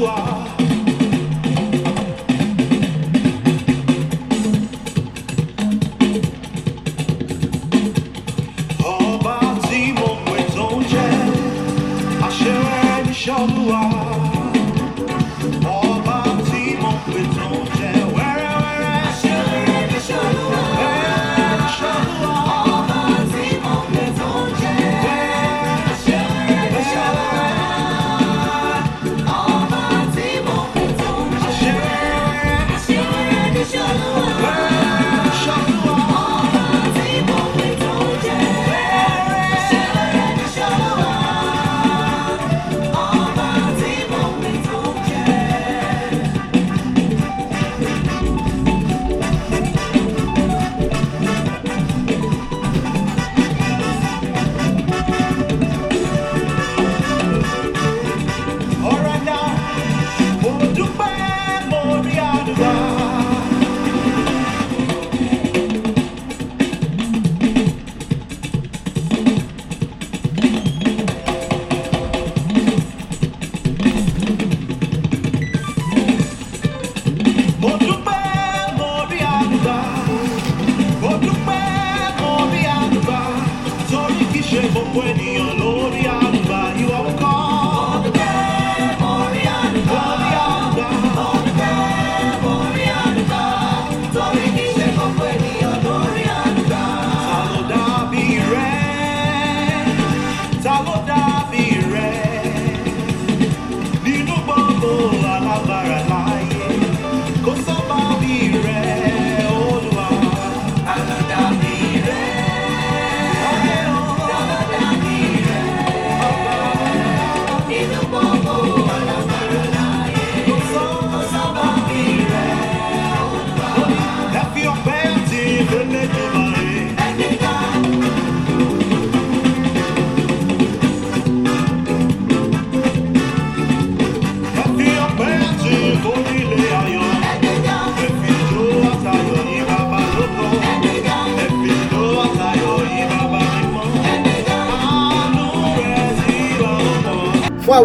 you are.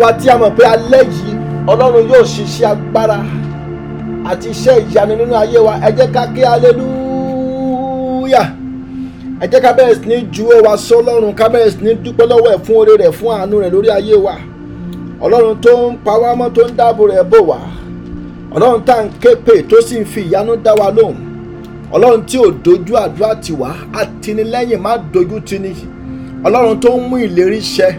wa tí a mọ̀ pé alẹ́ yìí ọlọ́run yóò ṣiṣẹ́ agbára àti iṣẹ́ ìyanu nínú ayé wa ẹ jẹ́ ká ké aleluya ẹ jẹ́ ká bẹ̀rẹ̀ sí ní ju wa sọ́lọ́run ká bẹ̀rẹ̀ sí ní dúpẹ́ lọ́wọ́ ẹ̀ fún oore rẹ̀ fún àánú rẹ̀ lórí ayé wa ọlọ́run tó ń pa wá mọ́ tó ń dáàbò rẹ̀ bò wá ọlọ́run tá à ń ké pè tó sì ń fi ìyanu dá wa lóhùn ọlọ́run tí ò dojú àdúrà tiwa àtinilẹ́yìn má dojú tini ọlọ́run tó ń mú ìlérí ṣẹ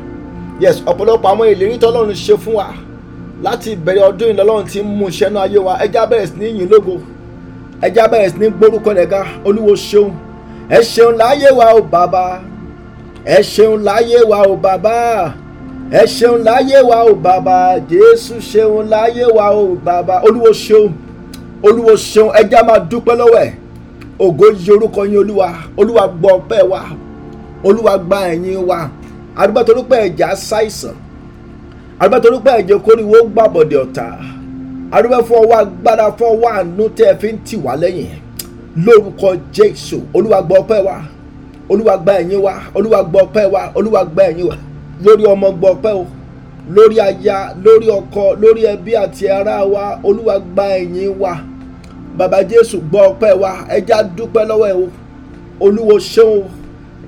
yes ọ̀pọ̀lọpọ̀ àwọn ìlérí tọ́lọ́run ṣe fún wa láti ìbẹ̀rẹ̀ ọdún ìlọ́lọ́run ti ń mú iṣẹ́ náà ayé wa ẹja bẹ̀rẹ̀ sí ní yìn lógo ẹja bẹ̀rẹ̀ sí ní gbórúkọ rẹ̀ ga olúwo ṣeun ẹ ṣeun láyé wa o bàbá ẹ ṣeun láyé wa o bàbá ẹ ṣeun láyé wa o bàbá jésù ṣeun láyé wa o bàbá olúwo ṣeun olúwo ṣeun ẹja máa dúpẹ́ lọ́wọ́ ẹ̀ ògo yí orúkọ yín olúwa olúwa gbọ́ ọpẹ́ wa olúwa gba ẹ̀yìn wa àdúgbò torí pé ẹ̀jẹ̀ aṣàìsàn àdúgbò torí pé ẹ̀jẹ̀ kórìíwó gbàbọ̀dẹ̀ ọ̀tá àdúgbò fún ọwọ́ agbára fún ọwọ́ àánú tẹ́ ẹ fi ń tì wá lẹ́yìn lórúkọ Jésù olúwa gba ọpẹ́ wa olúwa gba ẹ̀yìn wa olúwa gba wa olúwa gba ẹ̀yìn wa lórí ọmọ gba ọpẹ́ o lórí aya lórí ọkọ lórí ẹbí àti ará wa olúwa gba ẹ̀yìn wa bàbá Jésù gba ọpẹ́ wa ẹja dúpẹ́ lọ́wọ́ ẹ o olúwo ṣeun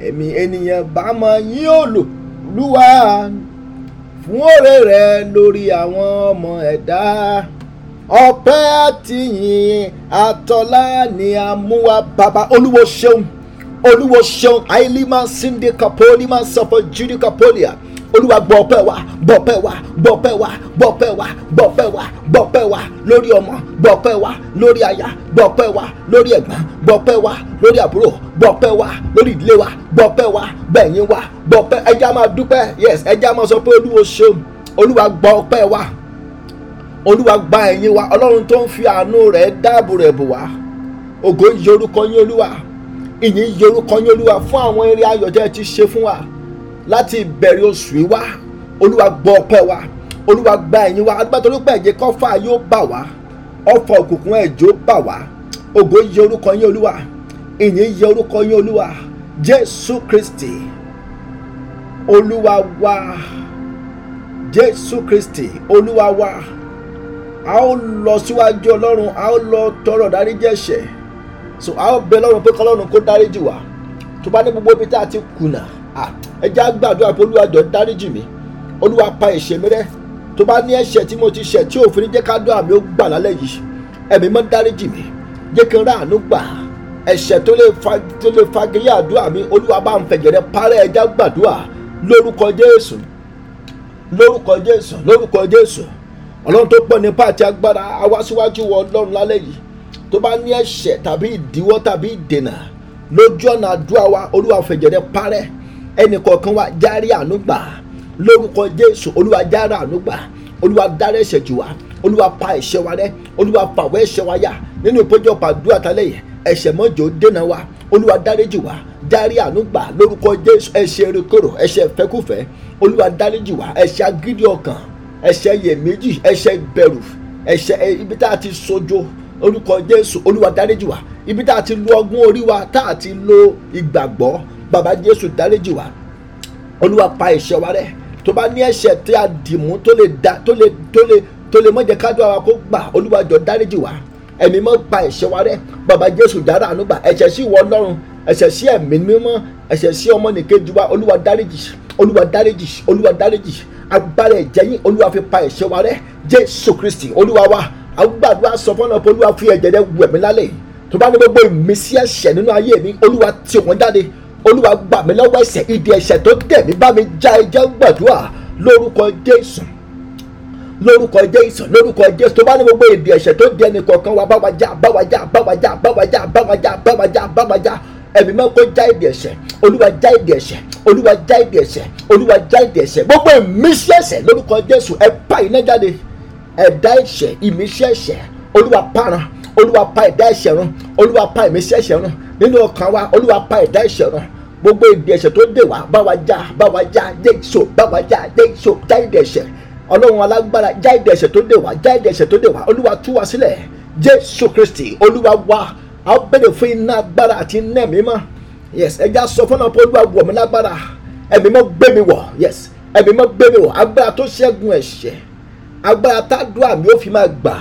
èmi ènìyàn bá máa yín òòlù olúwa fún òrè rẹ lórí àwọn ọmọ ẹ̀dá ọpẹ́ àtìyìn àtọlá ni a mú wá bàbá olúwo ṣeun olúwo ṣeun àìlímà síndé kapoli máa sọ fún judy kapolia olúwa gbọ́ ọpẹ́ wa gbọ́ ọpẹ́ wa gbọ́ ọpẹ́ wa gbọ́ ọpẹ́ wa gbọ́ ọpẹ́ wa gbọ́ ọpẹ́ wa lórí ọmọ gbọ́ ọpẹ́ wa lórí aya gbọ́ ọpẹ́ wa lórí ẹ̀gbọ́n gbọ́ ọpẹ́ wa lórí àbúrò gbọ́ ọpẹ́ wa lórí ìdílé wa gbọ́ ọpẹ́ wa bẹ̀yìn wa gbọ́ ọpẹ́ ẹja máa dúpẹ́ yes ẹja máa sọ pé olúwo ṣeun olúwa gbọ́ ọpẹ́ wa olúwa gba ẹ̀yìn wa ọlọ́run tó ń fi àánú rẹ̀ dáàbò rẹ̀ bò wá ògo yorúkọ yín olúwa ìyìn yorúkọ yín olúwa fún àwọn eré ayọ̀ ti ṣe fún wa láti ìbẹ̀rẹ̀ oṣù yìí wá olúwa gbọ́ ọpẹ́ wa olúwa gba ẹ̀yìn wa adúgbò torí pé ẹ̀jẹ̀ kọ́fà yóò bà wá ọ̀fọ̀ òkùnkùn ẹ̀jọ́ bà wá ògo yẹ orúkọ yín olúwa ìyìn yẹ orúkọ yín olúwa jésù kristi olúwa wa jésù kristi olúwa wa a ó lọ síwájú ọlọ́run a ó lọ tọrọ dáríjì ẹ̀ṣẹ̀ so a ó bẹ ọlọ́run pé kọ́lọ́run kó dáríjì wá tó bá ní gbogbo ibi tá a ti kùnà ẹ já gbàdúrà pé olúwa jọ̀ọ́ dáríjì mi olúwa pa ẹ̀ṣẹ̀ mi rẹ́ tó bá ní ẹ̀ṣẹ̀ tí mo ti ṣẹ̀ tí òfin jẹ́ ká dọ́ àmì ó gbà lálẹ́ yìí ẹ̀mí mọ́ dáríjì mi jẹ́ kí n rà àánú gbà ẹ̀ṣẹ̀ tó lè fa tó lè fagilé àdúrà mi olúwa bá ń fẹ̀jẹ̀ rẹ parẹ́ ẹ já gbàdúrà lórúkọ jésù lórúkọ jésù lórúkọ jésù ọlọ́run tó pọ̀ nípa àti agbára àwa síwájú wọ ọlọ́run lálẹ́ yìí tó bá ní ẹ̀ṣẹ̀ tàbí ìdíwọ́ tàbí ìdènà lójú ọ̀nà àdúrà wa olúwa fẹ̀jẹ̀ rẹ parẹ́ ẹnì kọ̀ọ̀kan wa járe àánú gbà lórúkọ jésù olúwa járe àánú gbà olúwa dára ẹ̀ṣẹ̀ jù wá olúwa pa ẹ̀ṣẹ̀ wa rẹ́ olúwa pàwọ́ ẹ̀ṣẹ̀ wa yà nínú ìpéjọpọ̀ àdúrà tálẹ̀ yẹn ẹ̀ṣẹ̀ mọ́jọ́ dènà wa olúwa dáríjì wá dárí àánú gbà lórúkọ jésù ẹ̀ṣẹ̀ erékòrò ẹ̀ṣẹ̀ fẹ́kùfẹ́ olúwa dáríjì wá ẹ̀ṣẹ̀ agídí ọkàn ẹ̀ṣẹ̀ iyèméjì ẹ̀ṣẹ̀ bẹ̀rù ẹ̀ṣẹ̀ eh, ibi tá a ti sojo orúkọ jésù olúwa dáríjì wá ibi tá a ti lo ọgbọ́n orí wa tá a ti lo ìgbàgbọ́ bàbá jésù dáríjì wá olúwa pa ẹ̀ṣẹ̀ wa rẹ́ tó bá ní ẹ̀ṣẹ̀ tí a dì mú tó lè da tó lè tó lè tó lè mọ̀jẹ̀ kájú àwa kó gbà olúwa jọ dáríjì wá ẹ̀mí mọ́ pa ẹ̀ṣẹ̀ wa rẹ́ bàbá jésù dára àánú gbà ẹ̀ṣẹ̀ sí ìwọ ọlọ́run ẹ̀ṣẹ̀ sí ẹ̀mí mímọ́ ẹ̀ṣẹ̀ sí ọmọnìkejì wa olúwa dáríjì olúwa dáríjì olúwa dáríjì agbára ẹ̀jẹ̀ yín olúwa fi pa ẹ̀ṣẹ̀ wa rẹ́ jésù kristi olúwa wa àgbàdua sọ fọ́nà pé olúwa fi ẹ̀jẹ̀ rẹ wẹ̀mí lálẹ́ yìí tó bá ní gbogbo ìmísí ẹ̀ṣẹ̀ nínú ayé mi olúwa tì wọ́n jáde olúwa gbà mí lọ́wọ́ ẹ̀ṣẹ̀ ìdí ẹ̀ṣẹ̀ tó dẹ̀ mí bá mi já ẹjẹ́ gbàdúrà lórúkọ jésù lórúkọ jésù lórúkọ jésù tó bá ní gbogbo ìdí ẹ̀ṣẹ̀ tó di ẹnì kọ̀ọ̀kan wa báwa já báwa já báwa já báwa já báwa já báwa já báwa já ẹ̀mí mọ́ kó já ìdí ẹ̀ṣẹ̀ olúwa já ìdí ẹ̀ṣẹ̀ olúwa já ìdí ẹ̀ṣẹ̀ olúwa já ìdí ẹ̀ṣẹ̀ gbogbo ìmísí ẹ̀ṣẹ̀ lórúkọ jésù ẹ pa iná jáde ẹ̀dá ẹ̀ṣẹ̀ ìmísí ẹ̀ṣẹ̀ olúwa para olúwa pa ẹ̀dá ẹ̀ṣẹ̀ run olúwa pa ìmísí ẹ̀ṣẹ̀ run nínú ọkàn wa olúwa pa ẹ̀dá ẹ̀ṣẹ̀ run gbogbo ìdí ẹ̀ṣẹ̀ tó dè wá bá wa já bá wa já jésù bá wa já jésù já ìdí ẹ̀ṣẹ̀ ọlọ́run alágbára já ìdí ẹ̀ṣẹ̀ tó dè wá já ìdí ẹ̀ṣẹ̀ tó dè wá olúwa tú wa sílẹ̀ jésù kristi olúwa wa a bẹ̀rẹ̀ fún iná agbára àti iná ẹ̀mí mọ́ yes ẹja sọ fún náà pé olúwa wọ̀ mí lágbára ẹ̀mí mọ́ gbé mi wọ̀ yes ẹ̀mí mọ́ gbé mi wọ̀ agbára tó ṣẹ́gun ẹ̀ṣẹ̀ agbára tá a dùn àmì ó fi máa gbà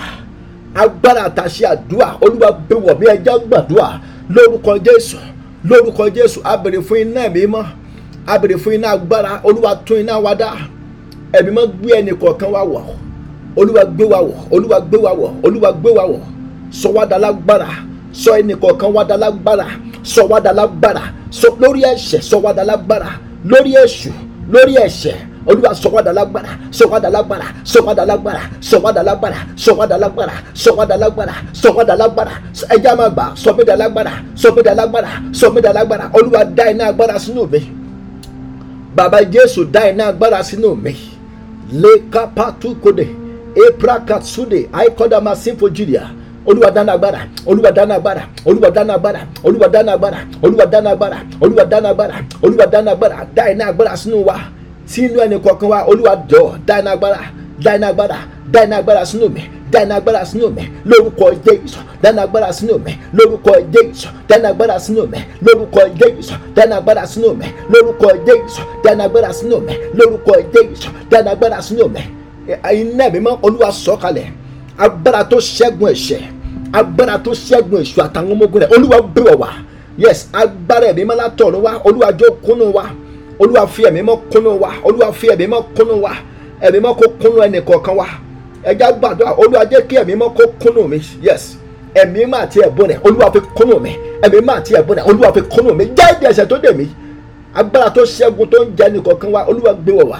agbára àtàṣe àdúrà olúwa gbé wọ̀ mí ẹja gbàdúrà lórúkọ jésù lórúkọ jésù a béèrè fún iná ẹ̀mí mọ́ a béèrè fún iná agbára olúwa tún iná wa dá ẹ̀mí mọ́ gbé ẹnì kọ̀ọ̀kan wa wọ̀ olúwa gbé wa wọ̀ olúwa gbé wa wọ̀ olúwa gbé wa wọ̀ sọ wá dá lágbára sọ ẹnì kọ̀ọ̀kan wá dá lágbára sọ wá dá lágbára sọ lórí ẹ̀ṣẹ̀ sọ wá dá lágbára lórí èṣù lórí ẹ̀ṣẹ̀ olúwa sọ̀wádà lágbára sọ̀wádà lágbára sọ̀wádà lágbára sọ̀wádà lágbára sọ̀wádà lágbára sọ̀wádà lágbára sọ̀wádà lágbára ẹja máa gbà sọ̀mídà lágbára sọ̀mídà lágbára sọ̀mídà lágbára olúwa dá iná agbára sínú mi bàbá jésù dá iná agbára sínú mi lekapatukode eprakatsude aikodamasinfojiria olúwa dáná agbára olúwa dáná agbára olúwa dáná agbára olúwa dáná agbára olúwa dáná agbára olúwa dáná agbára olúwa dáná agbára dá iná agbára sínú wa sínú ẹnì kọ̀ọ̀kan wa olúwa jọ̀ọ́ dá iná agbára dá iná agbára dá iná agbára sínú mi dá iná agbára sínú mi lórúkọ Jésù dá iná agbára sínú mi lórúkọ Jésù dá iná agbára sínú mi lórúkọ Jésù dá iná agbára sínú mi lórúkọ Jésù dá iná agbára sínú mi lórúkọ Jésù dá iná agbára sínú mi iná mi mọ́ olúwa sọ̀kalẹ̀ agbára tó ṣẹ́gun ẹ̀ṣẹ̀ agbára tó ṣẹ́gun èṣù àtàwọn ọmọ ogun rẹ̀ olúwa bẹ̀ wá yes agbára ẹ̀mí mọ́ látọ̀run wá olúwa jó kúnnú wá olúwa fi ẹ̀mí mọ́ kúnnú wa olúwa fi ẹ̀mí mọ́ kúnnú wa ẹ̀mí mọ́ kó kúnnú ẹnì kọ̀ọ̀kan wa ẹja gbàdúrà olúwa jẹ́ kí ẹ̀mí mọ́ kó kúnnú mi yes ẹ̀mí mà ti ẹ̀bùn rẹ̀ olúwa fi kúnnú mi ẹ̀mí mà ti ẹ̀bùn rẹ̀ olúwa fi kúnnú mi jẹ́ ìdí ẹ̀ṣẹ̀ tó dè mí agbára tó ṣẹ́gun tó ń jẹ ẹnì kọ̀ọ̀kan wa olúwa gbé wọ̀ wá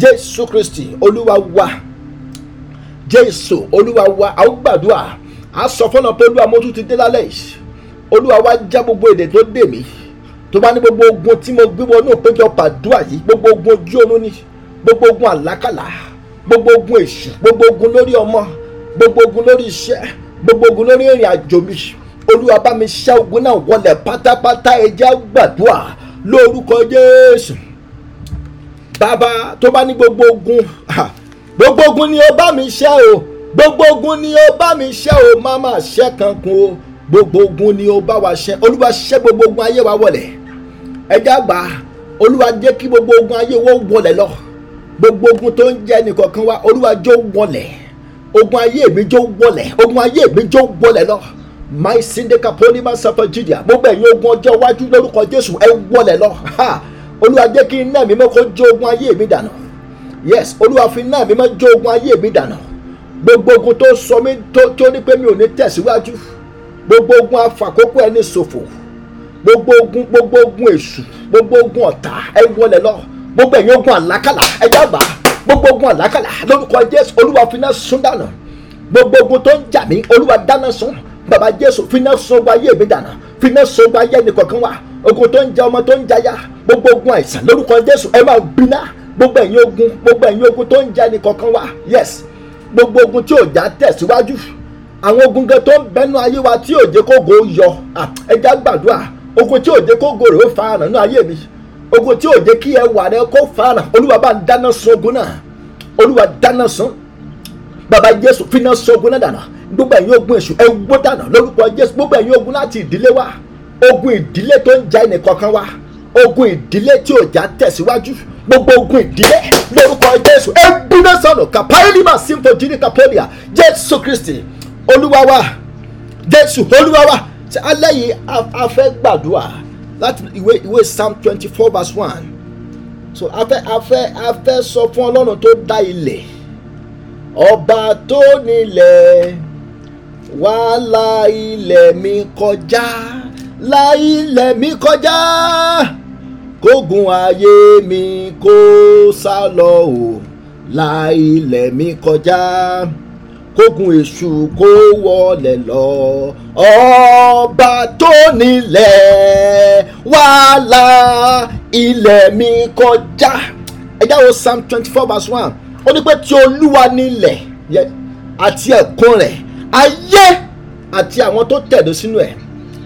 jésù kristi olúwa wa jésù olúwa wa àwọn gbàdúrà àsọfọ́nà pé olúwa mo tún ti dé lálẹ́ yìí olúwa wa já gbogbo èdè tó dè mí tó bá ní gbogbo ogun tí mo gbé wọnú òpéjọ pàdúrà yìí gbogbo ogun ojú oorun ni gbogbo ogun àlákàlà gbogbo ogun èṣù gbogbo ogun lórí ọmọ gbogbo ogun lórí iṣẹ́ gbogbo ogun lórí ìrìn àjò mi olúwa bá mi ṣẹ́ ogun náà wọlé pátápátá ẹja gbàdúrà lórúkọ jésù bàbá tó bá ní gbogbo ogun gbogbo ogun ni ó bá mi ṣẹ́ o gbogbo ogun ni ó bá mi ṣẹ́ o má má ṣẹ́ kankan o gbogbo ogun ni ó bá wa ṣẹ́ olúwa ṣẹ́ gbogbo ogun ayé wa wọlé ẹjẹ́ àgbà olúwa jẹ́ kí gbogbo ogun ayé wo wọlé lọ gbogbo ogun tó ń jẹ nìkankan wa olúwa jó wọlé ogun ayé mi jó wọlé ogun ayé mi jó wọlé lọ my syndicate polima suffer judea gbogbo ẹ̀yin ogun ọjọ́ iwájú lórúkọ jésù ẹ wọlé lọ olúwa jẹ́ kí iná mi mọ́kọ́ jó ogun ayé mi dànù yes olúwa fi iná mi mọ́ jó ogun ayé mi dànù gbogbo ogun tó sọ mí tó tó ní pé mi ò ní tẹ̀síwájú gbogbo ogun afàkókò ẹni ṣòfò gbogbo ogun gbogbo ogun èṣù gbogbo ogun ọ̀tá ẹ wọlé lọ gbogbo ẹ̀yin ogun àlákàlà ẹ jábà gbogbo ogun àlákàlà lórúkọ jésù olúwa finá sún dànù gbogbo ogun tó ń jà mí olúwa dáná sún bàbá jésù finá sún ogun ayé mi dànù finá sún ogun ayé nìkọ̀kan wà ogun tó ń jẹ ọmọ tó ń jaya gbogbo ogun àìsàn lórúkọ jésù ẹ máa gbiná gbogbo ẹ̀yin ogun gbogbo ẹ̀yin ogun tó ń jẹ nìkọ̀kan wà yes gbogbo ogun tí ò já tẹ̀síwájú àwọn ogun gan tó ń bẹnu ayé wa tí òjé kò gò yọ ẹja gbàdúrà ogun tí òjé kó gòrè ó fa àná ní ayé mi ogun tí òjé kí ẹwà rẹ kó fa àná olúwa bá ń dáná sun ogun náà olúwa dáná sun bàbá jésù finá sun ogun náà dànù gbogbo ẹ̀yin ogun èṣù ẹ wó dànù lórúkọ jésù gbogbo ẹ̀yin ogun láti ìdílé wa ogun ìdílé tó ń ja ẹnì kankan wa ogun ìdílé tí òjà tẹ̀síwájú gbogbo ogun ìdílé lórúkọ jésù ẹ gbúná sọnù kàpáyélímà sínfò jírí kàpọ́lìà jésù kristi olúwa wa jésù olúwa wa ṣe alẹ́ yìí a fẹ́ gbàdúrà láti ìwé ìwé psalm twenty four verse one so a fẹ́ a fẹ́ a fẹ́ sọ fún ọlọ́run tó dá ilẹ̀ ọba tó nílẹ̀ wá la ilẹ̀ mi kọjá la ilẹ̀ mi kọjá kógun ayé mi kó sá o la ilẹ̀ mi kọjá kógun èṣù kó wọlé lọ ọba tó nílẹ̀ wàhálà ilẹ̀ mi kọjá ẹjá wo psalm twenty four verse one ó ní pé ti olúwa nílẹ̀ àti ẹ̀kún rẹ̀ ayé àti àwọn tó tẹ̀dó sínú ẹ̀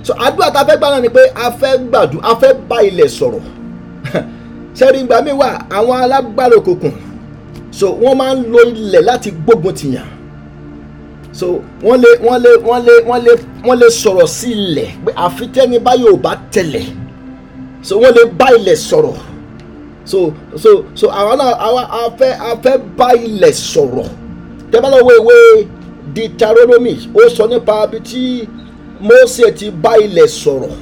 so àdúrà tá a fẹ́ gbà náà ni pé a fẹ́ gbàdú a fẹ́ bá ilẹ̀ sọ̀rọ̀ sẹ́rí ìgbà mi wà àwọn alágbára òkùnkùn so wọ́n máa ń lo ilẹ̀ láti gbógun tìyàn so wọ́n lè wọ́n lè wọ́n lè wọ́n lè wọ́n lè sọ̀rọ̀ sí ilẹ̀ pé àfi bá yóò bá tẹ̀lẹ̀ so wọ́n lè bá ilẹ̀ sọ̀rọ̀ so so so àwọn náà àwọn afẹ́ afẹ́ bá ilẹ̀ sọ̀rọ̀ tẹ́bá lọ́wọ́ ìwé Deuteronomy ó sọ nípa bí tí Mósè ti bá ilẹ̀ sọ̀rọ̀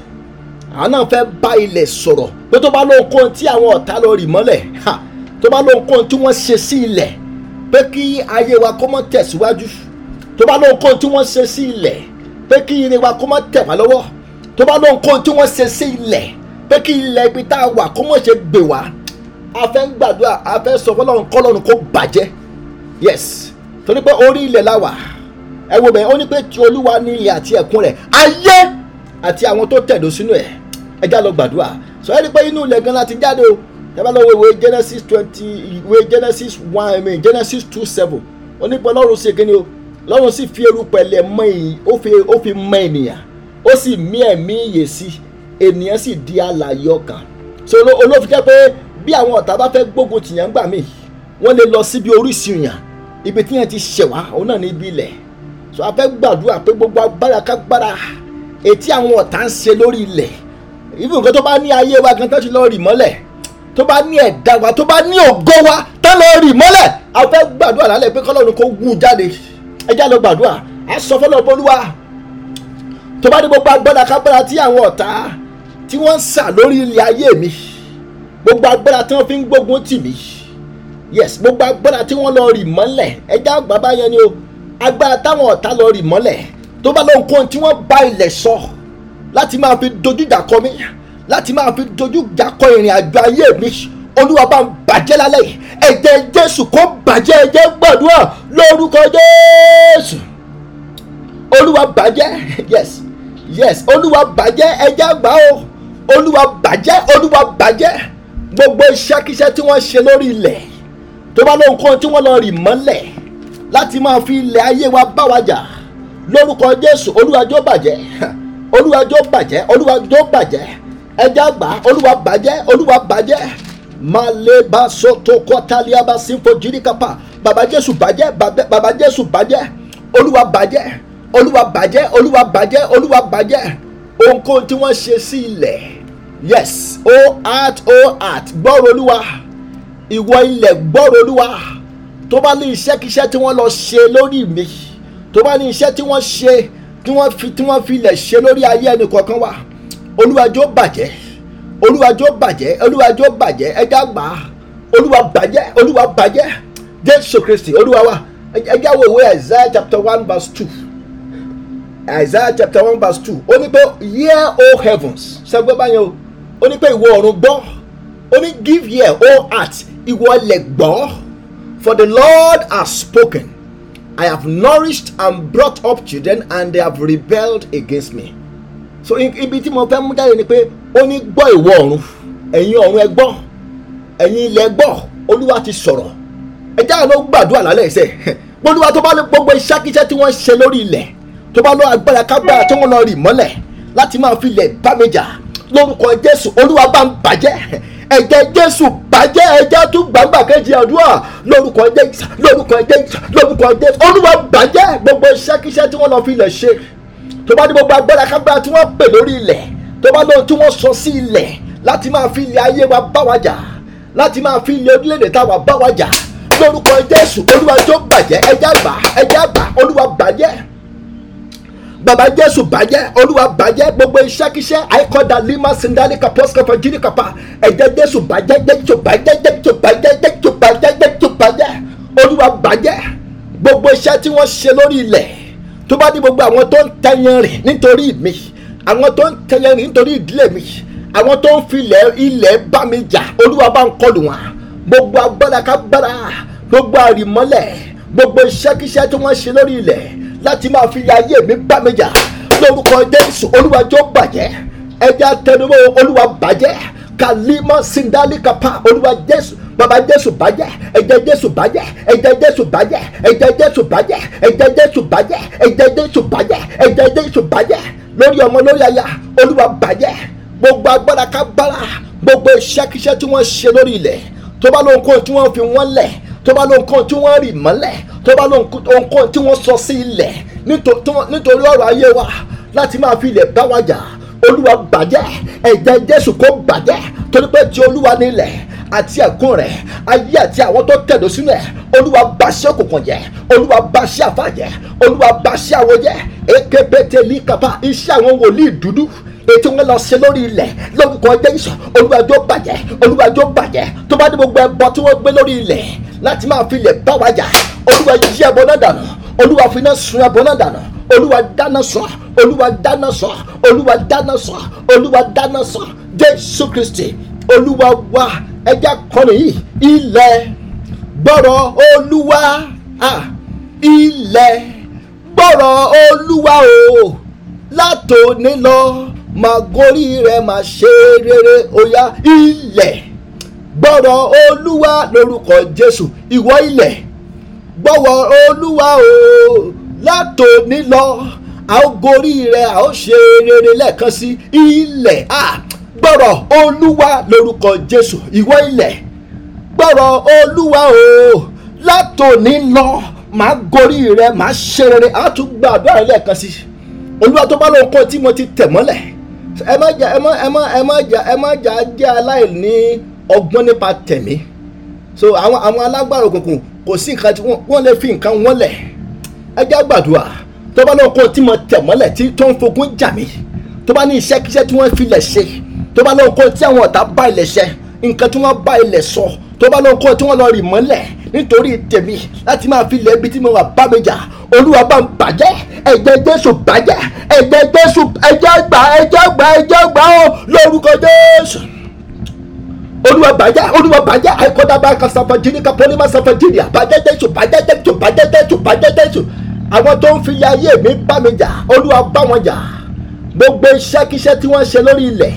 àwọn náà fẹ́ bá ilẹ̀ sọ̀rọ̀ pé tó bá lóhun kóhun tí àwọn ọ̀tá lọ rì mọ́lẹ̀ tó bá lóhun kóhun tí wọ́n ṣe sí ilẹ̀ pé kí ayé wa kó tẹ̀síwájú. Si tó bá lóun kó tí wọ́n ṣe sí ilẹ̀ pé kí ire wa kó má tẹ̀ wá lọ́wọ́ tó bá lóun kó tí wọ́n ṣe sí ilẹ̀ pé kí ilẹ̀ ibi tá a wà kó má ṣe gbè wá a fẹ́ ń gbàdúrà a fẹ́ sọ fọlọ́run kọ́lọ́run kó bàjẹ́ yes torí pé orí ilẹ̀ la wà ẹ wo bẹ́ẹ̀ ó ní pé ti olúwa ní ilẹ̀ àti ẹ̀kún rẹ̀ ayé àti àwọn tó tẹ̀dó sínú ẹ̀ ẹ já lọ gbàdúrà sọ ẹ rí pé inú ilẹ̀ gan la ti jáde o ẹ bá ìwé Genesis twenty ìwé Genesis one I mean Genesis two seven onípọ̀ ọlọ́run ṣe kí ni o lọ́run sì fi eru pẹ̀lẹ́ mọ èyí ó fi mọ ènìyàn ó sì mí ẹ̀mí ìyè sí ènìyàn sì di alààyè ọkàn so olófin jẹ́ pé bí àwọn ọ̀tá bá fẹ́ gbógun tìyàn gbà mí wọ́n lè lọ síbi orísun ìyàn ibi tí yẹn ti ṣẹ̀wá òun náà ní ibi ilẹ̀ so a fẹ́ gbàdúrà pé gbogbo agbára kágbára etí àwọn ọ̀tá ń ṣe lórí ilẹ̀ ibi nǹkan tó bá ní ayé wa gan tó ti lọ rì mọ́lẹ̀ tó bá ní ẹ̀dá wa tó bá ní ògo wa tó lọ rì mọ́lẹ̀ a gbàdúrà lálẹ́ pé kọ́lọ́run kó wú jáde ẹjẹ́ lọ gbàdúrà á sọ fọlọ́ bọ́lúwa tó bá dé gbogbo agbára kágbára tí àwọn ọ̀tá tí wọ́n ń sà lórí ilẹ̀ ayé mi gbogbo agbára tí wọ́n fi ń gbógun tì mí yes gbogbo agbára tí wọ́n lọ rì mọ́lẹ̀ ẹjẹ́ àgbà bá yẹn ni o agbára táwọn ọ̀tá lọ rì mọ́lẹ̀ tó bá lóhun kóhun tí wọ́n bá ilẹ̀ sọ láti máa fi dojú ìjà kọ mí láti máa fi dojú ìjà kọ ìrìn àjò ayé mi olúwa bá ń bàjẹ́ lálẹ́ yìí ẹ̀jẹ̀ jésù kó bàjẹ́ ẹ̀jẹ̀ gbàdúrà lórúkọ jésù olúwa bàjẹ́ yes yes olúwa bàjẹ́ ẹ̀jẹ̀ àgbà o olúwa bàjẹ́ olúwa bàjẹ́ gbogbo iṣẹ́kíṣẹ́ tí wọ́n ṣe lórí ilẹ̀ tó bá lóhun kan tí wọ́n lọ rì mọ́lẹ̀ láti máa fi ilẹ̀ ayé wa bá wa jà lórúkọ jésù olúwa jọ̀ọ́ bàjẹ́ olúwa jọ̀ọ́ bàjẹ́ olúwa jọ̀ọ́ bàjẹ́ ẹ̀jẹ̀ àgbà olúwa bàjẹ́ olúwa bàjẹ́ maleba soto kọtaliaba sinfojirikapa baba jésù bàjẹ́ baba jésù bàjẹ́ oluwa bàjẹ́ oluwa bàjẹ́ oluwa bàjẹ́ oluwa bàjẹ́ ohunkóhun tí wọ́n ṣe sí ilẹ̀ yes o oh, heart o oh, heart gbọ́rọ̀ olúwa ìwọ ilẹ̀ gbọ́rọ̀ olúwa tó bá ní iṣẹ́kíṣẹ́ tí wọ́n lọ ṣe lórí mi tó bá ní iṣẹ́ tí wọ́n ṣe tí wọ́n fi tí wọ́n fi ilẹ̀ ṣe lórí ayé ẹnì kọ̀ọ̀kan wa olúwa jọ̀ọ́ bàjẹ́ olúwàjọ́ bàjẹ́ olúwàjọ́ bàjẹ́ ẹja gbà á olúwa bàjẹ́ olúwa bàjẹ́ jésù kristi olúwa wa ẹja wo ìwé isaiah chapter one verse two isaiah chapter one verse two ó ní pé hear o heavens sẹgbẹ́ báyẹn o ó ní pé ìwọ ọ̀run gbọ́ ó ní give hear o heart ìwọ lẹ̀ gbọ́ for the lord has spoken i have nourished and brought up children and they have rebelled against me. so ibi tí mo fẹ́ mú jáde ni pé ó ní gbọ́ ìwọ ọ̀run ẹ̀yin ọ̀run ẹ gbọ́ ẹ̀yin ilẹ̀ gbọ́ olúwa ti sọ̀rọ̀ ẹ jáde ló gbàdúrà lálẹ́ ẹ̀sẹ̀ olúwa tó bá lè gbogbo iṣẹ́kíṣẹ́ tí wọ́n ṣe lórí ilẹ̀ tó bá lọ agbára kágbára tí wọ́n lọ rì mọ́lẹ̀ láti máa fi ilẹ̀ bá mi jà lórúkọ jésù olúwa bá ń bàjẹ́ ẹ̀jẹ̀ jésù bàjẹ́ ẹ̀jẹ̀ tún gbàgbà kejì àdúrà lórúkọ jésù lórúkọ jésù lórúkọ jésù olúwa bàjẹ́ gbogbo iṣẹ́kíṣẹ́ tí wọ́n lọ fi ilẹ̀ ṣe tó bá ní gbogbo agbára kágbára tí wọ́n pè lórí ilẹ̀ tó bá lóhun tí wọ́n sọ sí ilẹ̀ láti máa fi ilẹ̀ ayé wa bá wa jà láti máa fi ilẹ̀ orílẹ̀-èdè tá a bá wa jà lórúkọ jésù olúwa jọ bàjẹ́ ẹjẹ́ àgbà ẹjẹ́ àgbà olúwa bàjẹ́ bàbá jésù bàjẹ́ olúwa bàjẹ́ gbogbo iṣẹ́kíṣẹ́ àìkọ́dà lima sindali kaposka fajiri kapa ẹ̀jẹ̀ jésù bàjẹ́ jésù bàjẹ́ jésù bàjẹ́ jésù bàjẹ́ jésù bàjẹ́ olúwa bàjẹ́ gbogbo iṣẹ́ tí wọ́n ṣe lórí ilẹ̀ tó bá dé gbogbo àwọn tó ń tẹyàn rìn nítorí mi àwọn tó ń tẹyàn rìn nítorí ìdílé mi àwọn tó ń filẹ̀ ilẹ̀ bá mi jà olúwa bá ń kọlù wọn gbogbo agbára kágbára gbogbo àrìmọ́lẹ̀ gbogbo iṣẹ́kíṣẹ́ tí wọ́n ṣe lórí ilẹ̀ láti máa fi ayé mi bá mi jà lórúkọ jésù olúwa jó bàjẹ́ ẹja tẹnumọ́ olúwa bàjẹ́ kalima sindali kapa olúwa jésù baba jésù bàjẹ́ ẹ̀jẹ̀ jésù bàjẹ́ ẹ̀jẹ̀ jésù bàjẹ́ ẹ̀jẹ̀ jésù bàjẹ́ ẹ̀jẹ̀ jésù bàjẹ́ ẹ̀jẹ̀ jésù bàjẹ́ ẹ̀jẹ̀ jésù bàjẹ́ lórí ọmọ lórí aya olúwa bàjẹ́ gbogbo agbára kábàrà gbogbo iṣẹ́kíṣẹ́ tí wọ́n ṣe lórí ilẹ̀ tó bá lóun kóhun tí wọ́n fi wọ́n lẹ̀ tó bá lóun kóhun tí wọ́n rì mọ́lẹ̀ tó bá lóun kóhun tí wọ́n sọ sí ilẹ̀ nítorí ọ̀rọ̀ ayé wa láti máa fi ilẹ̀ bá wa jà olúwa bàjẹ́ ẹ̀jẹ̀ jésù kó bàjẹ́ torí pé ti olúwa ni ilẹ̀ àti ẹ̀kún rẹ̀ ayé àti àwọn tó tẹ̀dó sínú ẹ̀ olúwa baṣẹ́ òkùnkùn jẹ́ olúwa baṣẹ́ àfà jẹ́ olúwa baṣẹ́ àwo jẹ́ ekebete ní kapa iṣẹ́ àwọn wòlíì dúdú ètò wọn lọ ṣe lórí ilẹ̀ lórúkọ jésù olúwàjò bàjẹ́ olúwàjò bàjẹ́ tó bá dé gbogbo ẹbọ tí wọ́n gbé lórí ilẹ̀ láti máa fi ilẹ̀ bá wa jà olúwa yí ẹbọ náà dànù olúwa finá sun ẹbọ náà dànù olúwa dáná sọ olúwa dáná sọ olúwa dáná sọ olúwa dáná sọ jésù kristi olúwa wa ẹja kọ́ni yìí ilẹ̀ gbọ́rọ̀ olúwa ilẹ̀ gbọ́rọ̀ olúwa o látòní lọ máa gorí rẹ̀ máa ṣe rere oya ilẹ̀ gbọ́rọ̀ olúwa lórúkọ jésù ìwọ ilẹ̀ gbọ́wọ́ olúwa o látòní lọ a ó gorí rẹ̀ a ó ṣe rere lẹ́ẹ̀kan sí ilẹ̀ ah gbọ́rọ̀ olúwa lórúkọ jésù ìwọ ilẹ̀ gbọ́rọ̀ olúwa o látòní lọ màá gorí rẹ màá ṣe rere á tún gba àdúrà rẹ lẹ́ẹ̀kan sí olúwa tó bá lóun kó tí mo ti tẹ̀ mọ́lẹ̀ ẹ má jà ẹ má ẹ má ẹ má jà ẹ má jà jẹ́ aláìní ọgbọ́n nípa tẹ̀mí so àwọn àwọn alágbára òkùnkùn kò sí nǹkan tí wọ́n lè fi nǹkan wọ́n lẹ̀ ẹ já gbàdúrà tó bá lóun kó tí mo tẹ̀ mọ́lẹ̀ tí tó ń fogun jà mí tó bá ní iṣẹ́ tí wọ́n fi ṣe tó bá lóun kó tí àwọn ọ̀tá bá ilẹ̀ ṣe nǹkan tí wọ́n bá ilẹ̀ sọ tó bá lóun kó tí wọ́n lọ rì mọ́lẹ̀ nítorí tèmi láti máa fi ilẹ̀ ibi tí mo wà bá mi jà olúwa bá ń bàjẹ́ ẹ̀jẹ̀ jésù bàjẹ́ ẹ̀jẹ̀ jésù ẹ̀jẹ̀ gbà ẹ̀jẹ̀ gbà ẹ̀jẹ̀ gbà ó lórúkọ jésù olúwa bàjẹ́ olúwa bàjẹ́ àìkọ́dàbà kàṣàfàjìnnì kàpọ́nìmọ̀ ṣàfàjìnnì bàjẹ́ jésù bàjẹ́ jésù bàjẹ́ jésù bàjẹ́ jésù àwọn tó ń fi ayé mi bá mi jà olúwa bá wọn jà gbogbo iṣẹ́kíṣẹ́ tí wọ́n ṣe lórí ilẹ̀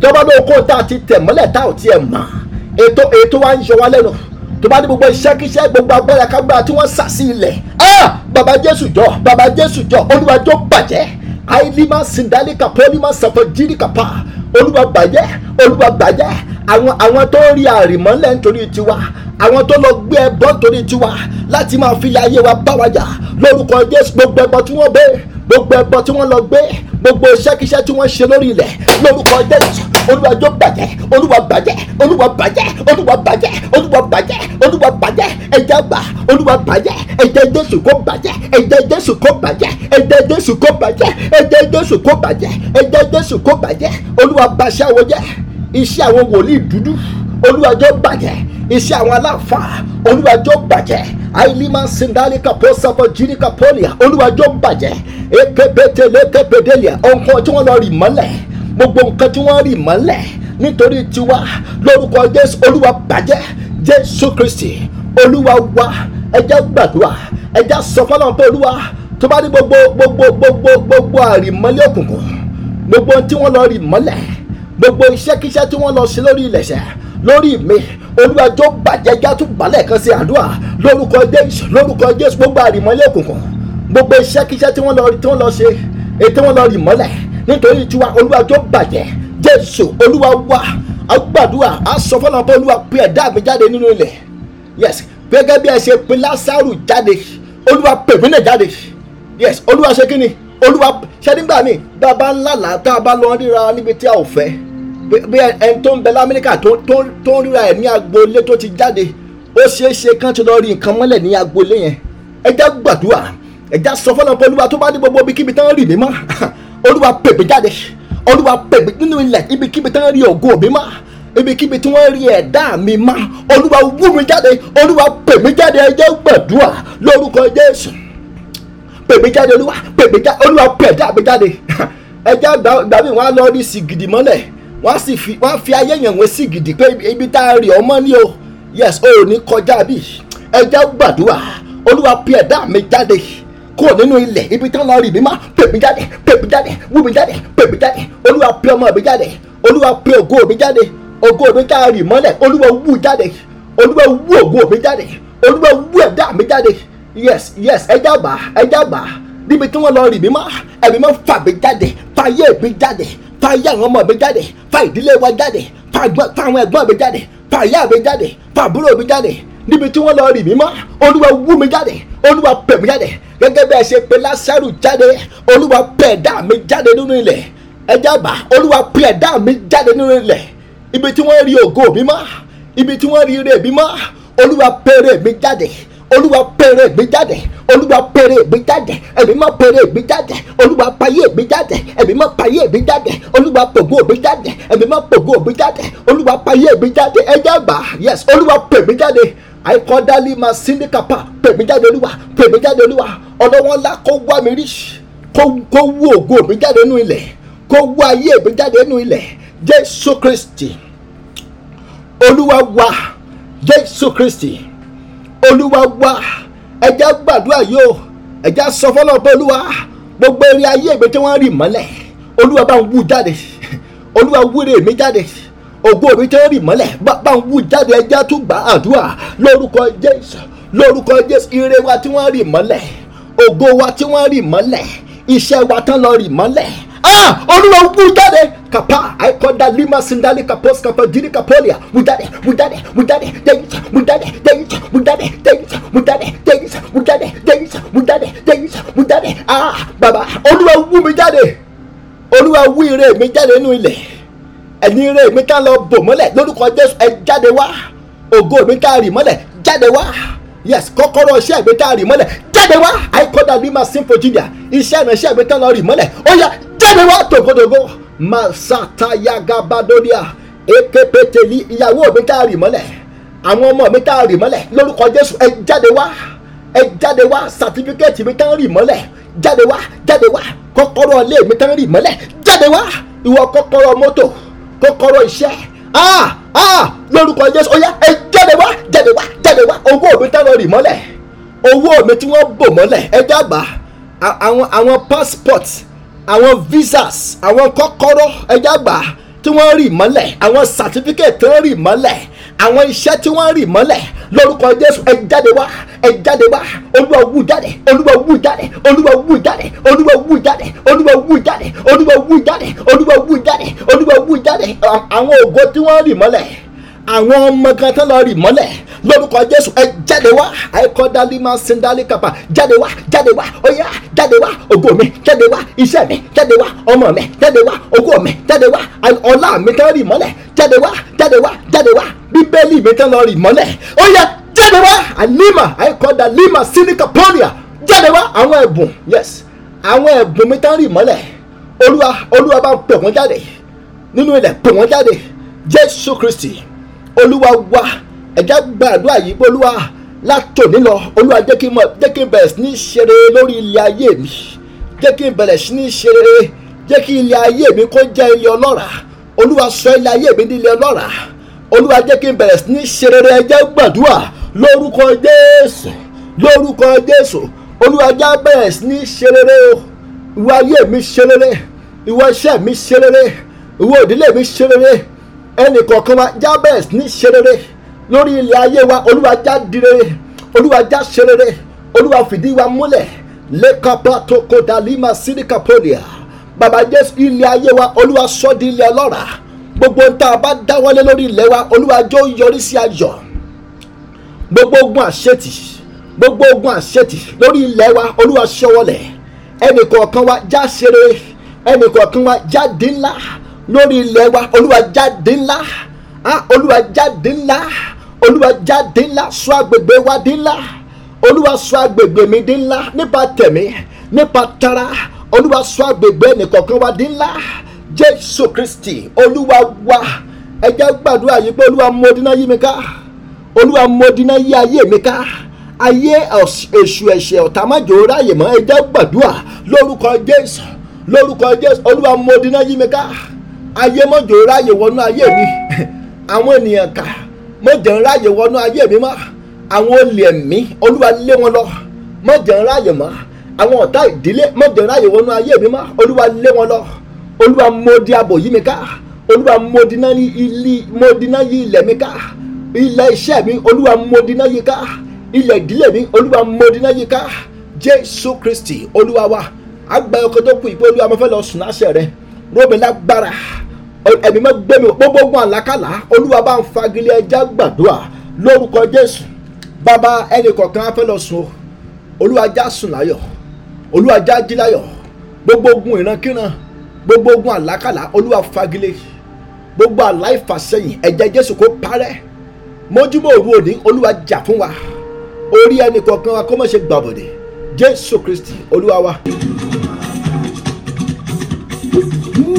tọ́ba ló kó tá a ti tẹ̀ mọ́lẹ̀ tá ò tiẹ̀ mọ̀ ètò ètò wa ń yọ wá lẹ́nu tó bá ní gbogbo iṣẹ́kíṣẹ́ gbogbo agbára kágbára tí wọ́n sà sí ilẹ̀ ah baba jésù jọ baba jésù jọ olúwa jọ bàjẹ́ àìlímà sindalika pọ́límà sọ̀tọ̀ jírìkàpá olúwa bàjẹ́ olúwa bàjẹ́ àwọn àwọn tó rí àrìmọ́lẹ̀ nítorí tiwa àwọn tó lọ gbé ẹbọ nítorí tiwa láti máa fi ayé wa bá wa jà lórúkọ jésù gbogbo ẹbọ tí wọ́n gbé gbogbo ẹbọ tí wọ́n lọ gbé gbogbo iṣẹ́kíṣẹ́ tí wọ́n ṣe lórí ilẹ̀ lórúkọ jésù olúwa jọ bàjẹ́ olúwa bàjẹ́ olúwa bàjẹ́ olúwa bàjẹ́ olúwa bàjẹ́ olúwa bàjẹ́ ẹ̀jẹ̀ gbà olúwa bàjẹ́ ẹ̀jẹ̀ jésù kó bàjẹ́ ẹ̀jẹ̀ jésù kó bàjẹ́ ẹ̀jẹ̀ jésù kó bàjẹ́ ẹ̀jẹ̀ jésù kó bàjẹ́ ẹ̀jẹ̀ jésù kó bàjẹ́ olúwa bàṣẹ́ àwọn jẹ́ iṣẹ́ àwọn wòlíì dúdú olúwa bàjẹ́ iṣẹ́ àwọn aláfàá olúwa bàjẹ́ àìlímà sindalika pọ́sàbọ̀ jírika pọ́lìà olúwa jọ bàjẹ́ èkébétélé tẹ́pẹ́dẹ́lìà ọ̀nkọ́ tí wọ́n lọ rì mọ́lẹ̀ gbogbo nǹkan tí wọ́n rì mọ́lẹ̀ nítorí tiwa lórúkọ jésù olúwa bàjẹ́ jésù kristi olúwa wa ẹjẹ́ gbàdúrà ẹjẹ́ sọ fọlọ́n pé olúwa tó bá rí gbogbo gbogbo gbogbo gbogbo àrìmọ́lẹ̀ òkùnkùn gbogbo tí wọ́n lọ rì mọ́lẹ̀ gbogbo iṣẹ́kíṣẹ́ tí wọ́n lọ sí lórí ilẹ̀ṣẹ̀ lórí mi olúwàjọ bàjẹ́ játú balẹ̀ kan sí àdúrà lórúkọ jésù lórúkọ jésù gbogbo àrìmọ́lẹ̀ òkùnkùn gbogbo iṣẹ́kíṣẹ́ tí wọ́n lọ rí tí wọ́n lọ ṣe èyí tí wọ́n lọ rì mọ́lẹ̀ nítorí tiwa olúwa bàjẹ́ jésù olúwa wá agbàdúrà á sọ fọlọ́n olúwa pe ẹ̀dá mi jáde nínú ilẹ̀ yes gẹ́gẹ́ bí ẹ ṣe pe lásàrù jáde olúwa pè jáde yes olúwa ṣe kí olúwa ṣe nígbà míì bàbá ńlá là tá a bá lọ ríra níbi tí a ò fẹ́ bí ẹni tó ń bẹ lamẹ́ríkà tó ń ríra ẹ̀ ní tó ti jáde ó ṣeé ṣe kán ti lọ rí nǹkan mọ́lẹ̀ ní agboolé yẹn ẹ já gbàdúrà ẹ já sọ fọlọ́n pé olúwa tó bá ní gbogbo ibi kíbi tán rì mí mọ́ olúwa pèmí jáde olúwa pèmí nínú ilẹ̀ ibikíbi tán rí ògo mi má ibikíbi tí wọ́n rí ẹ̀dá mi má olúwa wú mi jáde olúwa pèmí jáde ẹ jẹ́ gbàdúrà lórúkọ jésù pèmí jáde olúwa pèmí jáde olúwa pẹ̀dá mi jáde ẹ jẹ́ gbàmí wọn á lọ rí sìgìdì mọ́lẹ̀ wọ́n á sì fi wọ́n á fi ayé yẹn wọ́n sìgìdì pé ibi tá a rí ọmọ ni o yes o ò ní kọjá bí ẹ jẹ́ gbàdúrà olúwa pẹ̀dá mi jáde kúrò nínú ilẹ̀ ibi tán lọ rì mí má pèmí jáde pèmí jáde wúmi jáde pèmí jáde olúwa pè ọmọ mi jáde olúwa pè ògo mi jáde ògo mi tá a rì mọ́lẹ̀ olúwa wú jáde olúwa wú ògo mi jáde olúwa wú ẹ̀dá mi jáde yes yes ẹja gbà ẹja gbà níbi tí wọ́n lọ rì mí má ẹ̀mí má fà mí jáde fà yé mi jáde fà yé àwọn ọmọ mi jáde fà ìdílé wa jáde fà àwọn ẹ̀gbọ́n mi jáde fà ìyá mi jáde fà àbúrò mi jáde níbi tí wọ́n lọ rì mí má olúwa wú mi jáde olúwa pè mí jáde gẹ́gẹ́ bí ẹ ṣe pé lásàrù jáde olúwa pè ẹ̀dá mi jáde nínú ilẹ̀ ẹjá bá olúwa pè ẹ̀dá mi jáde nínú ilẹ̀ ibi tí wọ́n rí ògo mi mọ́ ibi tí wọ́n rí ire mi mọ́ olúwa pèrè mi jáde olúwa pèrè mi jáde olúwa pèrè mi jáde ẹ̀mí mọ́ pèrè mi jáde olúwa payé mi jáde ẹ̀mí mọ́ payé mi jáde olúwa pògó mi jáde ẹ̀mí mọ́ pògó mi jáde olúwa payé mi jáde ẹjá bá yes olúwa pè mi jáde àìkọ́dálí máa síndíkàpà pèmí jáde olúwa pèmí jáde olúwa ọlọ́wọ́n ńlá kó wá mi rí kó wú ògo mi jáde nínú ilẹ̀ kó wú ayé mi jáde nínú ilẹ̀ jésù kristi olúwa wa jésù kristi olúwa wa ẹjẹ́ gbàdúrà yóò ẹjẹ́ sọ fọlọ́ pé olúwa gbogbo eré ayé mi tí rí mọ́lẹ̀ olúwa bá ń wú jáde olúwa wúre mi jáde ògo mi tẹ́ rì mọ́lẹ̀ bàbá ń wú jáde ẹjẹ́ tún gbà àdúrà lórúkọ jésù lórúkọ jésù ire wa tí wọ́n rì mọ́lẹ̀ ògo wa tí wọ́n rì mọ́lẹ̀ iṣẹ́ wa tán lọ rì mọ́lẹ̀ ah olúwa wú jáde kapa àìkọ́dá lima sindali kapos kapa jiri kapolia wú jáde wú jáde wú jáde jẹ́yìísà wú jáde jẹ́yìísà wú jáde jẹ́yìísà wú jáde jẹ́yìísà wú jáde jẹ́yìísà wú jáde jẹ́yìísà wú jáde ah baba, olúwa wú mi jáde olúwa wú ire mi jáde nínú ilẹ̀ ẹ̀yin rẹ̀ mi ká lọ bò mọ́lẹ̀ lórúkọ jésù ẹ jáde wá ògo mi ká rì mọ́lẹ̀ jáde wá yes kọ́kọ́rọ́ iṣẹ́ mi ká rì mọ́lẹ̀ jáde wá àìkọ́dà bí ma sin virginia iṣẹ́ ìrìnsẹ́ mi ká lọ rì mọ́lẹ̀ ó yá jáde wá tògódògó masatayagbadoniya ekepeteli ìyàwó mi ká rì mọ́lẹ̀ àwọn ọmọ mi ká rì mọ́lẹ̀ lórúkọ jésù ẹ jáde wá ẹ jáde wá sàtífíkẹ́tì mi ká rì mọ́lẹ̀ jáde wá jáde wá kọ́kọ́rọ́ ilé mi ká rì mọ́lẹ̀ jáde wá ìwọ kọ́kọ́rọ́ mọ́tò kọ́kọ́rọ́ iṣẹ́ ah ah lórúkọ Jésù ọ̀yá ẹ jáde wá jáde wá jáde wá owó mi táwọn rì mọ́lẹ̀ owó mi tí wọ́n bò mọ́lẹ̀ ẹ dábàá àwọn àwọn passport àwọn visas àwọn kọ́kọ́rọ́ ẹ dábàá tí wọ́n rì mọ́lẹ̀ àwọn certificate tí wọ́n rì mọ́lẹ̀ àwọn iṣẹ́ tí wọ́n rì mọ́lẹ̀ lórúkọ jésù ẹ jáde wá ẹ jáde wá olúwa wú jáde olúwa wú jáde olúwa wú jáde olúwa wú jáde olúwa wú jáde olúwa wú jáde olúwa wú jáde olúwa wú jáde àwọn ògo tí wọ́n rì mọ́lẹ̀ àwọn ọmọ kan tán lọ rì mọ́lẹ̀ lórúkọ jésù ẹ jáde wá àìkọ́ dálímà sindali kapa jáde wá jáde wá ọ̀yá jáde wá ògo mi jáde wá iṣẹ́ mi jáde wá ọmọ mi jáde wá ògo mi jáde wá ọlá mi tán rì mọ́lẹ̀ jáde wá jáde wá jáde wá bíbélì mi tán lọ rì mọ́lẹ̀ ọ̀yá jáde wá àlímà àìkọ́ dálímà sinika pọ́nìyà jáde wá àwọn ẹ̀bùn yes àwọn ẹ̀bùn mi tán rì mọ́lẹ̀ olúwa olúwa bá pè wọ́n jáde nínú ilẹ̀ pè wọ́n jáde jésù kristi olúwa wa ẹ̀já gbàdúrà yìí pé olúwa látòní lọ olúwa jẹ́ kí n mọ̀ jẹ́ kí n bẹ̀rẹ̀ sí ní ṣeré lórí ilé ayé mi jẹ́ kí n bẹ̀rẹ̀ sí ní ṣeré jẹ́ kí ilé ayé mi kó jẹ́ ilé ọlọ́rà olúwa sọ ilé ayé mi ní ilé ọlọ́rà olúwa jẹ́ kí n bẹ̀rẹ̀ ní ṣeré ẹ̀já gbàdúrà lórúkọ jésù lórúkọ jésù olúwa jẹ́ bẹ̀rẹ̀ ní ṣeré o ìwọ ayé mi ṣeré ìwọ iṣẹ́ mi ṣeré ìwọ ìdílé mi ṣeré ẹnì kọ̀ọ̀kan wa jabez ní ṣerere lórí ilẹ̀ ayé wa olúwa já direre olúwa já ṣerere olúwa fìdí wa múlẹ̀ lẹ́kọ̀ọ́pá tó kó dalímà síríkà bàbá jésù ilẹ̀ ayé wa olúwa sọ di ilẹ̀ ọlọ́ra gbogbo ń tá a bá dáwọ́lé lórí ilẹ̀ wa olúwa jọ yọrí sí ayọ̀ gbogbo ogun àṣetì gbogbo ogun àṣetì lórí ilẹ̀ wa olúwa ṣọwọ́lẹ̀ ẹnì kọ̀ọ̀kan wa já ṣeré ẹnì kọ̀ọ̀kan wa já dín lórí ilẹ̀ wa olúwa jáde ńlá olúwa jáde ńlá olúwa jáde ńlá sọ agbègbè wa di ńlá olúwa sọ agbègbè mi di ńlá nípa tẹ̀mí nípa tara olúwa sọ agbègbè ẹnìkọ̀ọ̀kan wa di ńlá jésù kristi olúwa wa ẹ jẹ́ gbàdúrà yìí pé olúwa mọdínà yí mi ká olúwa mọdínà yí ayé mi ká ayé èṣù ẹ̀ṣẹ̀ ọ̀tá májò ráyè mọ́ ẹ jẹ́ gbàdúrà lórúkọ jésù lórúkọ jésù olúwa mọdínà yí mi ká ayé mọ̀jọ̀ ráyè wọnú ayé mi àwọn ènìyàn kà mọ̀jọ̀ ráyè wọnú ayé mi mọ́ àwọn olè ẹ̀mí olúwa lé wọn lọ mọ̀jọ̀ ráyè mọ́ àwọn ọ̀tá ìdílé mọ̀jọ̀ ráyè wọnú ayé mi mọ́ olúwa lé wọn lọ olúwa mọ̀dí abò yí mi ká olúwa mọ̀dí náà yí ilẹ̀ mi ká ilẹ̀ iṣẹ́ mi olúwa mọ̀dí náà yí ká ilẹ̀ ìdílé mi olúwa mọ̀dí náà yí ká jésù kristi olúwa wa àgbà ọkọ tó kù ìpé olúwa mo lọ sùn láṣẹ rẹ̀ rómi lágbára ẹ̀mí mọ́ gbẹ̀mí gbogbo àlákàlà olúwa bá ń fagilé ẹja gbàdúrà lórúkọ jésù bàbá ẹnì kọ̀ọ̀kan á fẹ́ lọ sùn o olúwa já sùn láyọ̀ olúwa já jí láyọ̀ gbogbo ogun ìrankíran gbogbo ogun àlákàlà olúwa fagilé gbogbo àlá ìfàsẹ́yìn ẹ̀jẹ̀ jésù kó parẹ́ mójúmọ́ òru òní olúwa jà fún wa orí ẹnì kọ̀ọ̀kan wa kó má ṣe gbàbọ̀dẹ̀ jésù kristi olúwa wa.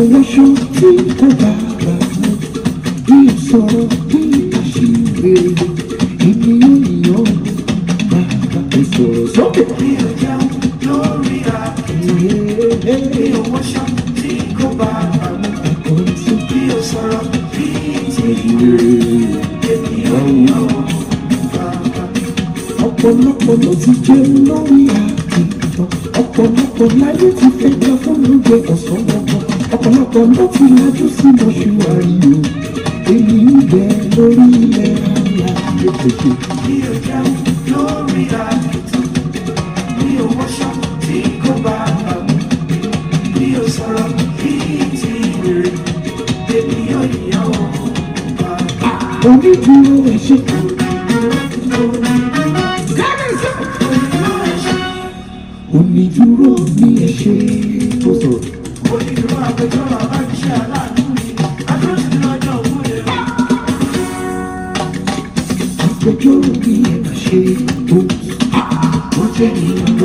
Eu deixo fica brava E o sol fica chive E me uniu Nada pessoa Só que ọmọ tí lajú sí mọ́ṣúárì o èmi ń bẹ lórí ilẹ̀ ayà ètòkè. mi ò jẹun lórí àgùntàn mi ò wọṣọ tí kò bá bà mí mi ò sọ̀rọ̀ kí ti rèrè èmi ò yàn ó bàbá. onídùúró ẹ̀ ṣe kú. onídùúró mi ẹ̀ ṣe. you.